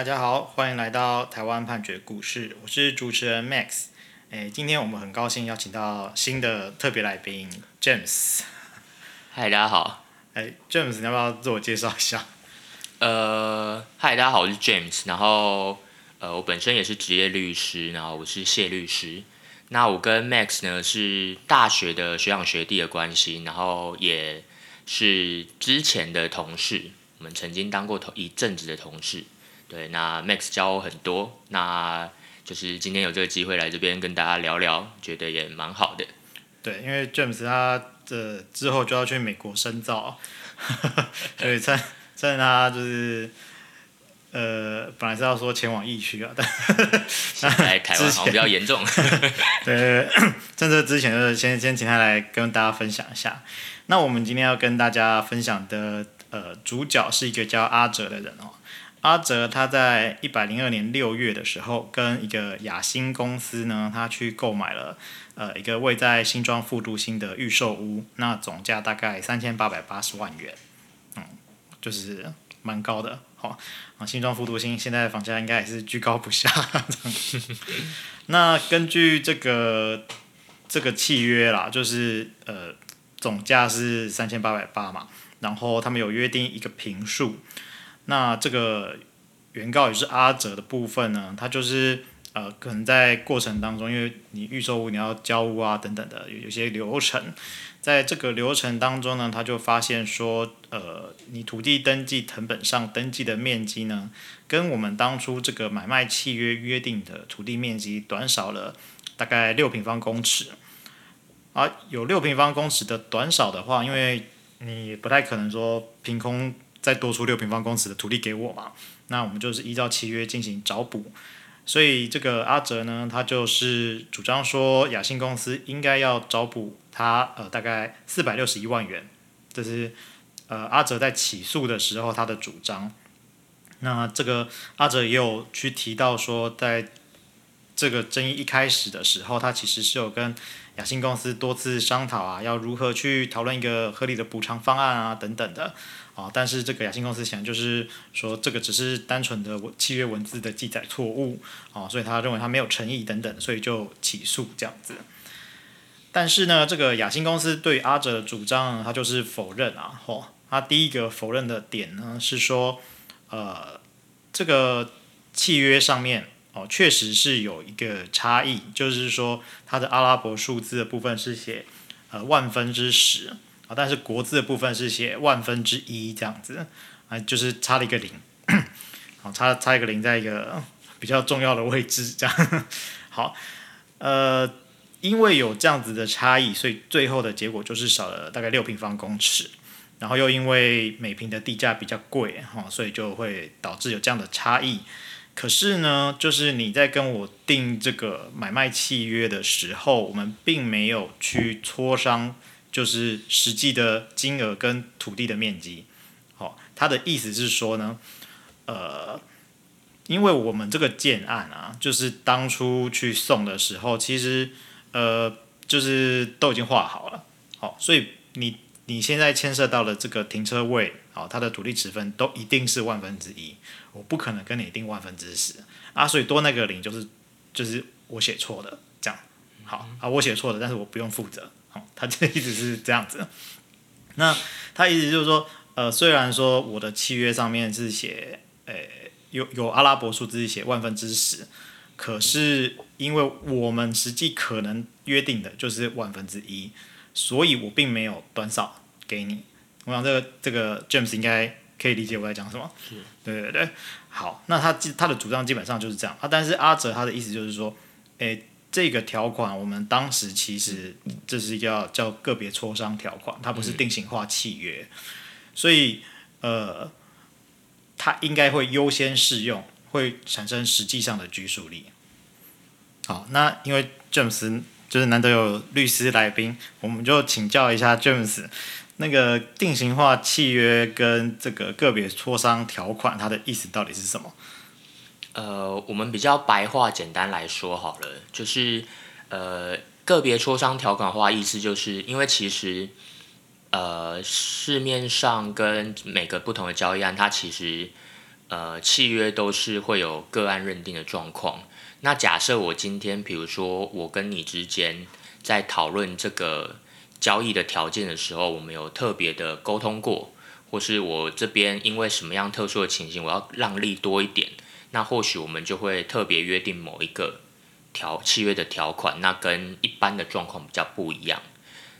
大家好，歡迎來到台灣判決故事。我是主持人 Max。哎，今天我們很高興邀請到新的特別來賓 James。嗨，大家好。哎，James，你要不要自我介紹一下？呃，嗨，大家好，我是 James。然後，呃，我本身也是執業律師，然後我是謝律師。那我跟 Max 呢，是大學的學長學弟的關係，然後也是之前的同事，我們曾經當過同一陣子的同事。對，那 Max 教我很多，那就是今天有這個機會來這邊跟大家聊聊，覺得也蠻好的。對，因為 James 他的、呃、之後就要去美國深造，哦，所以趁趁他就是呃本來是要說前往疫區啊，但來 台灣好像比較嚴重。對，趁這之前， 對對對對 之前就是先先請他來跟大家分享一下。那我們今天要跟大家分享的呃主角是一個叫阿哲的人哦。阿哲他在一百零二年六月的時候，跟一個亞昕公司呢，他去購買了呃一個位在新莊副都心的預售屋，那總價大概三千八百八十萬元，嗯，就是蠻高的，好、哦，新莊副都心現在的房價應該也是居高不下。 那根據這個這個契約啦，就是呃總價是三千八百八嘛，然後他們有約定一個坪數。那這個原告也是阿哲的部分呢，他就是呃，可能在過程當中，因為你預售屋你要交屋啊等等的，有有些流程，在這個流程當中呢，他就發現說，呃，你土地登記謄本上登記的面積呢，跟我們當初這個買賣契約約定的土地面積短少了大概六平方公尺，而、啊、有六平方公尺的短少的話，因為你不太可能說憑空。再多出六平方公尺的土地給我嘛，那我們就是依照契約進行找補，所以這個阿哲呢，他就是主張說亞昕公司應該要找補他呃大概四百六十一萬元，這、就是呃阿哲在起訴的時候他的主張，那這個阿哲也有去提到說在。這個爭議一開始的時候，他其實是有跟亞昕公司多次商討啊，要如何去討論一個合理的補償方案啊，等等的啊、哦。但是這個亞昕公司顯然就是說，這個只是單純的契約文字的記載錯誤啊、哦，所以他認為他沒有誠意等等，所以就起訴這樣子。但是呢，這個亞昕公司對阿哲的主張，他就是否認啊。嚯、哦，他第一個否認的點呢是說，呃，這個契約上面。哦，確實是有一個差異，就是說它的阿拉伯數字的部分是寫呃萬分之十啊、哦，但是國字的部分是寫萬分之一這樣子，啊，就是差了一個零，哦、差差一個零在一個比較重要的位置，這樣，好，呃，因為有這樣子的差異，所以最後的結果就是少了大概六平方公尺，然後又因為每坪的地價比較貴哈、哦，所以就會導致有這樣的差異。可是呢，就是你在跟我訂這個買賣契約的時候，我們並沒有去磋商，就是實際的金額跟土地的面積。好、哦，他的意思是說呢，呃，因為我們這個建案啊，就是當初去送的時候，其實呃，就是都已經畫好了，好、哦，所以你。你現在牽涉到了這個停車位，好、哦，它的土地持分都一定是萬分之一，我不可能跟你定萬分之十啊，所以多那個零就是就是我寫錯的，這樣，好，啊我寫錯了，但是我不用負責，好、哦，他就一直是這樣子， 那他意思就是說，呃，雖然說我的契約上面是寫，呃、欸，有有阿拉伯數字寫萬分之十，可是因為我們實際可能約定的就是萬分之一，所以我並沒有短少。給你，我想這個這個 James 應該可以理解我在講什麼，是，對對對，好，那他他的主張基本上就是這樣。啊，但是阿哲他的意思就是說，誒，這個條款我們當時其實這是一個叫個別磋商條款，它不是定型化契約，所以呃，他應該會優先適用，會產生實際上的拘束力。好，那因為 James 就是難得有律師來賓，我們就請教一下 James。那個定型化契約跟這個個別磋商條款，它的意思到底是什麼？呃，我們比較白話簡單來說好了，就是呃，個別磋商條款的話，意思就是因為其實呃，市面上跟每個不同的交易案，它其實呃，契約都是會有個案認定的狀況。那假設我今天，比如說我跟你之間在討論這個。交易的條件的時候，我們有特別的溝通過，或是我這邊因為什麼樣特殊的情形，我要讓利多一點，那或許我們就會特別約定某一個條契約的條款，那跟一般的狀況比較不一樣。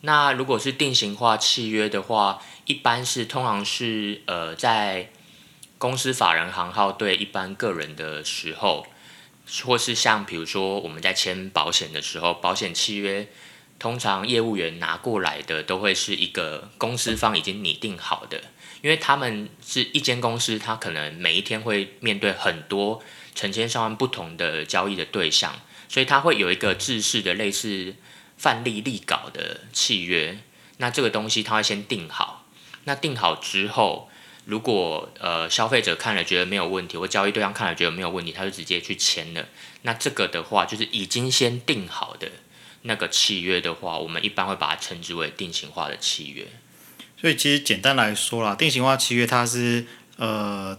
那如果是定型化契約的話，一般是通常是呃在公司法人行號對一般個人的時候，或是像比如說我們在簽保險的時候，保險契約。通常業務員拿過來的都會是一個公司方已經擬定好的，因為他們是一間公司，他可能每一天會面對很多成千上萬不同的交易的對象，所以他會有一個制式的類似範例立稿的契約。那這個東西他會先定好，那定好之後，如果呃消費者看了覺得沒有問題，或交易對象看了覺得沒有問題，他就直接去簽了。那這個的話就是已經先定好的。那個契約的話，我們一般會把它稱之為定型化的契約。所以其實簡單來說啦，定型化契約它是呃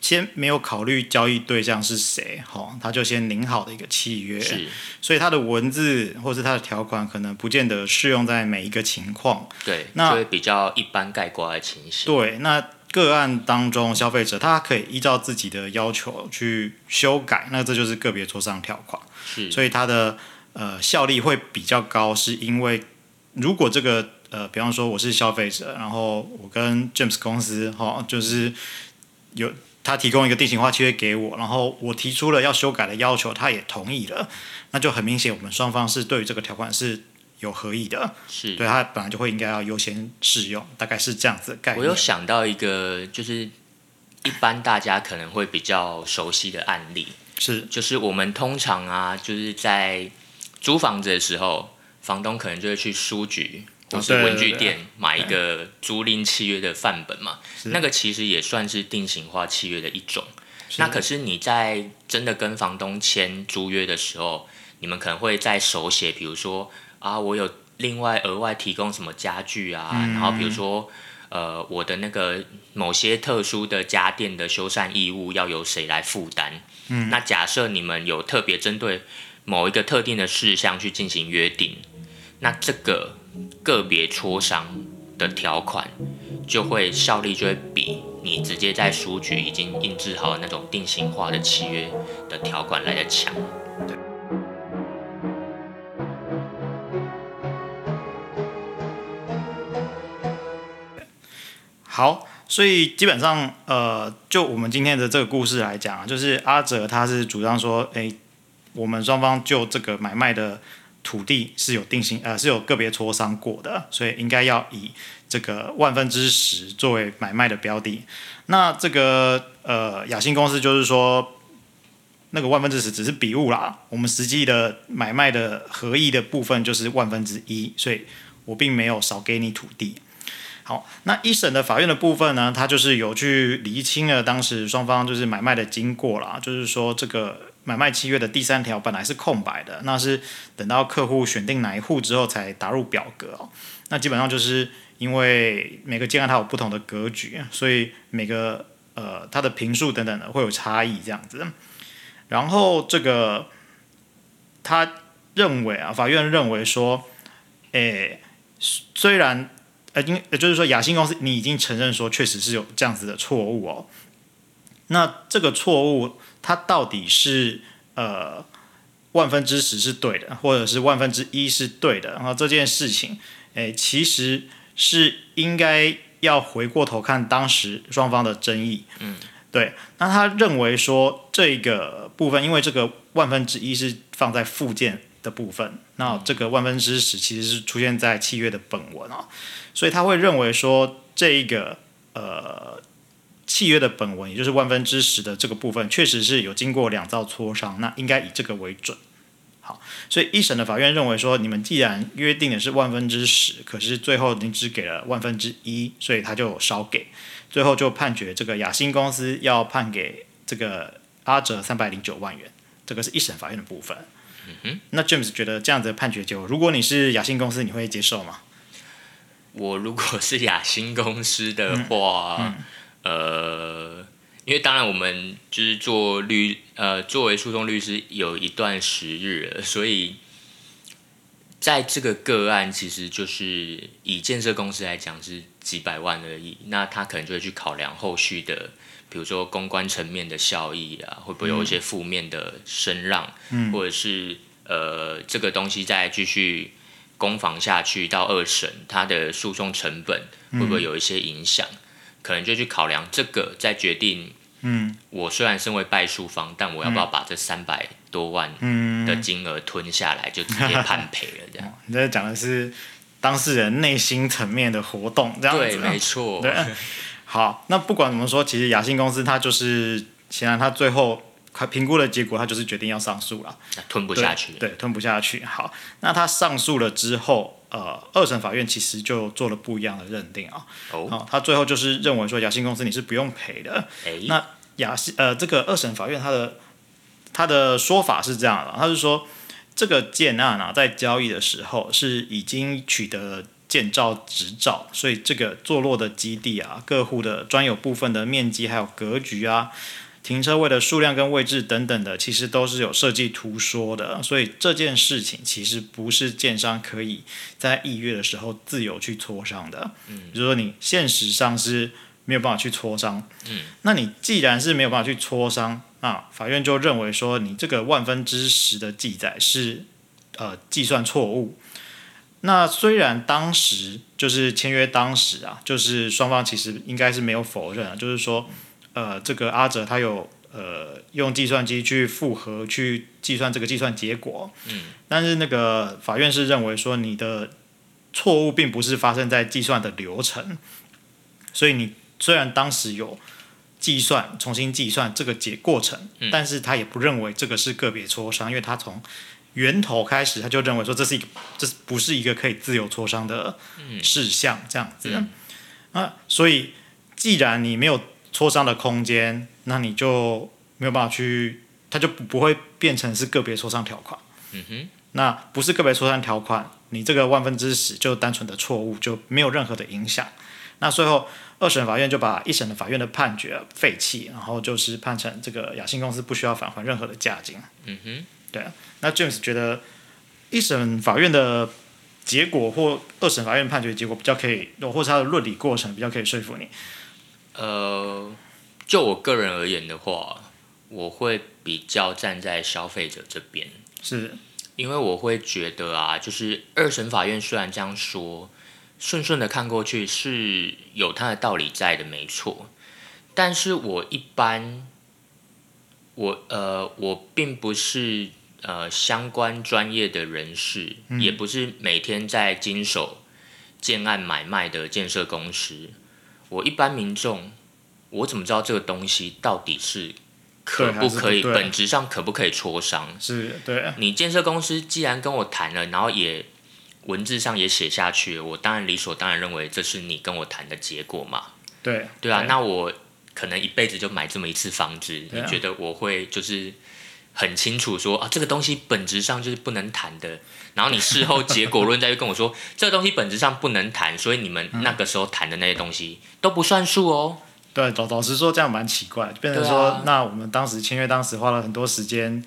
先沒有考慮交易對象是誰，哈、哦，他就先擬好的一個契約。是。所以它的文字或是它的條款，可能不見得適用在每一個情況。對。那就會比較一般概括的情形。對，那個案當中，消費者他可以依照自己的要求去修改，那這就是個別磋商條款。是。所以它的。呃，效力會比較高，是因為如果這個呃，比方說我是消費者，然後我跟 James 公司哈，就是有他提供一個定型化契約給我，然後我提出了要修改的要求，他也同意了，那就很明顯我們雙方是對於這個條款是有合意的，是對他本來就會應該要優先適用，大概是這樣子的概念。我有想到一個就是一般大家可能會比較熟悉的案例，是就是我們通常啊，就是在租房子的時候，房東可能就會去書局、啊、或是文具店，對對對對，買一個租賃契約的範本嘛，那個其實也算是定型化契約的一種。那可是你在真的跟房東簽租約的時候，你們可能會在手寫，比如說啊，我有另外額外提供什麼家具啊，嗯嗯，然後比如說呃，我的那個某些特殊的家電的修繕義務要由誰來負擔，嗯，那假設你們有特別針對。某一個特定的事項去進行約定，那這個個別磋商的條款就會效力，就會比你直接在書局已經印制好的那種定型化的契約的條款來得強。對。好，所以基本上，呃，就我們今天的這個故事來講、啊、就是阿哲他是主張說，欸我們雙方就這個買賣的土地是有定性，呃，是有個別磋商過的，所以應該要以這個萬分之十作為買賣的標的。那這個呃亞昕公司就是說，那個萬分之十只是筆誤啦，我們實際的買賣的合意的部分就是萬分之一，所以我並沒有少給你土地。好，那一審的法院的部分呢，它就是有去釐清了當時雙方就是買賣的經過啦，就是說這個。買賣契約的第三條本來是空白的，那是等到客戶選定哪一戶之後才打入表格哦。那基本上就是因為每個建案它有不同的格局，所以每個呃它的坪數等等的會有差異這樣子。然後這個他認為啊，法院認為說，誒、欸，雖然呃、欸，就是說亞昕公司你已經承認說確實是有這樣子的錯誤哦。那這個錯誤，它到底是呃萬分之十是對的，或者是萬分之一是對的？然後這件事情，誒、欸，其實是應該要回過頭看當時雙方的真意。嗯，對。那他認為說，這個部分，因為這個萬分之一是放在附件的部分，那這個萬分之十其實是出現在契約的本文啊、哦，所以他會認為說，這一個呃。契約的本文，也就是萬分之十的這個部分，確實是有經過兩造磋商，那應該以這個為準。好，所以一審的法院認為說，你們既然約定的是萬分之十，可是最後你只給了萬分之一，所以他就少給，最後就判決這個亞昕公司要判給這個阿哲三百零九萬元。這個是一審法院的部分。嗯哼。那 James 覺得這樣子的判決結果，如果你是亞昕公司，你會接受嗎？我如果是亞昕公司的話。嗯嗯呃，因為當然我們就是做律呃，作為訴訟律師有一段時日了，所以在這個個案，其實就是以建設公司來講是幾百萬而已，那他可能就會去考量後續的，比如說公關層面的效益啊，會不會有一些負面的聲浪，嗯，或者是呃，這個東西再繼續攻防下去到二審，它的訴訟成本會不會有一些影響？可能就去考量這個，再決定。嗯，我雖然身為敗訴方、嗯，但我要不要把這三百多萬的金額吞下來，嗯、就直接判賠了？這樣 你這講的是當事人內心層面的活動，這樣子，這樣子，對，沒錯。對， 好，那不管怎麼說，其實亞昕公司他就是，顯然他最後評估的結果，他就是決定要上訴了。那吞不下去對，對，吞不下去。好，那他上訴了之後。呃，二審法院其實就做了不一樣的認定啊。哦、啊他最後就是認為說亞昕公司你是不用賠的。哎、那亞呃，這個二審法院他的他的說法是這樣的、啊，他是說這個建案啊，在交易的時候是已經取得了建造執照，所以這個坐落的基地啊、各戶的專有部分的面積還有格局啊。停車位的數量跟位置等等的，其實都是有設計圖說的，所以這件事情其實不是建商可以在預約的時候自由去磋商的。嗯，比如說你現實上是沒有辦法去磋商。嗯，那你既然是沒有辦法去磋商，那法院就認為說你這個萬分之十的記載是呃計算錯誤。那雖然當時就是簽約當時啊，就是雙方其實應該是沒有否認啊、嗯，就是說。呃，這個阿哲他有呃用計算機去複核、去計算這個計算結果、嗯。但是那個法院是認為說，你的錯誤並不是發生在計算的流程，所以你雖然當時有計算、重新計算這個結過程，但是他也不認為這個是個別磋商，嗯、因為他從源頭開始他就認為說，這是一個這不是一個可以自由磋商的事項這樣子啊、嗯。啊，所以既然你沒有。磋商的空間，那你就沒有辦法去，它就不不會變成是個別磋商條款。嗯哼，那不是個別磋商條款，你這個萬分之十就單純的錯誤，就沒有任何的影響。那最後二審法院就把一審的法院的判決廢棄，然後就是判成這個亞昕公司不需要返還任何的價金。嗯哼，對啊。那 James 覺得一審法院的結果或二審法院判決的結果比較可以，或或是他的論理過程比較可以說服你？呃，就我個人而言的話，我會比較站在消費者這邊。是，因為我會覺得啊，就是二審法院雖然這樣說，順順的看過去是有它的道理在的，沒錯。但是我一般，我呃，我並不是呃相關專業的人士、嗯，也不是每天在經手建案買賣的建設公司。我一般民眾，我怎麼知道這個東西到底是可不可以？本質上可不可以磋商？是對。你建設公司既然跟我談了，然後也文字上也寫下去了，我當然理所當然認為這是你跟我談的結果嘛。對。對啊，那我可能一輩子就買這麼一次房子，啊，你覺得我會就是？很清楚說啊，這個東西本質上就是不能談的。然後你事後結果論再去跟我說， 這個東西本質上不能談，所以你們那個時候談的那些東西都不算數哦。對，老老實說，這樣蠻奇怪。變成說、啊，那我們當時簽約，當時花了很多時間，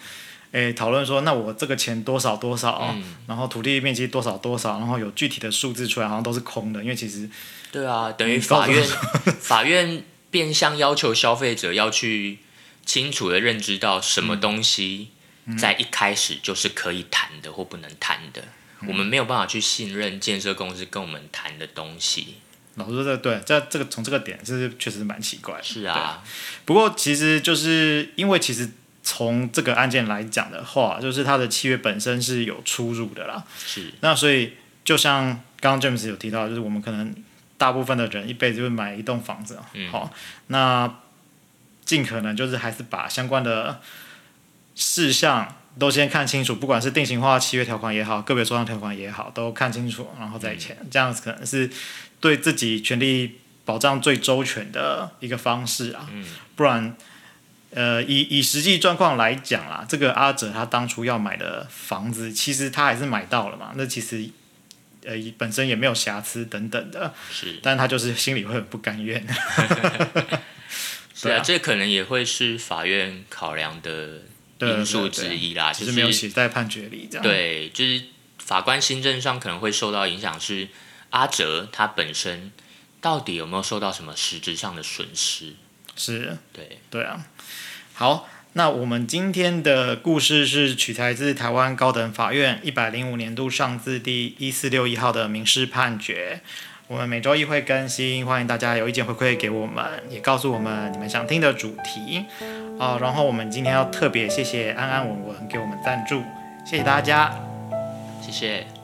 哎、欸，討論說，那我這個錢多少多少、嗯哦、然後土地面積多少多少，然後有具體的數字出來，好像都是空的，因為其實對啊，等於法院、嗯、法院 法院變相要求消費者要去。清楚的認知到什麼東西、嗯嗯、在一開始就是可以談的或不能談的、嗯，我們沒有辦法去信任建設公司跟我們談的東西。老實說的對，這這個從這個點，就是確實蠻奇怪。是啊，不過其實就是因為其實從這個案件來講的話，就是它的契約本身是有出入的啦。是，那所以就像剛剛 James 有提到，就是我們可能大部分的人一輩子就買一棟房子、喔、好、嗯喔，那。盡可能就是還是把相關的事項都先看清楚，不管是定型化契約條款也好，個別磋商條款也好，都看清楚，然後再簽、嗯，這樣子可能是對自己權利保障最周全的一個方式啊。嗯、不然，呃，以以實際狀況來講啊，這個阿哲他當初要買的房子，其實他還是買到了嘛，那其實呃本身也沒有瑕疵等等的，是，但他就是心裡會很不甘願。 對啊，這可能也會是法院考量的因素之一啦，對對對、啊就是，就是沒有寫在判決裡這樣。對，就是法官心證上可能會受到影響，是阿哲他本身到底有沒有受到什麼實質上的損失？是，對，對啊。好，那我們今天的故事是取材自台灣高等法院一百零五年度上字第一四六一號的民事判決。我們每周一會更新，歡迎大家有意見回饋給我們，也告訴我們你們想聽的主題。哦，然後我們今天要特別謝謝安安穩穩給我們贊助，謝謝大家，謝謝。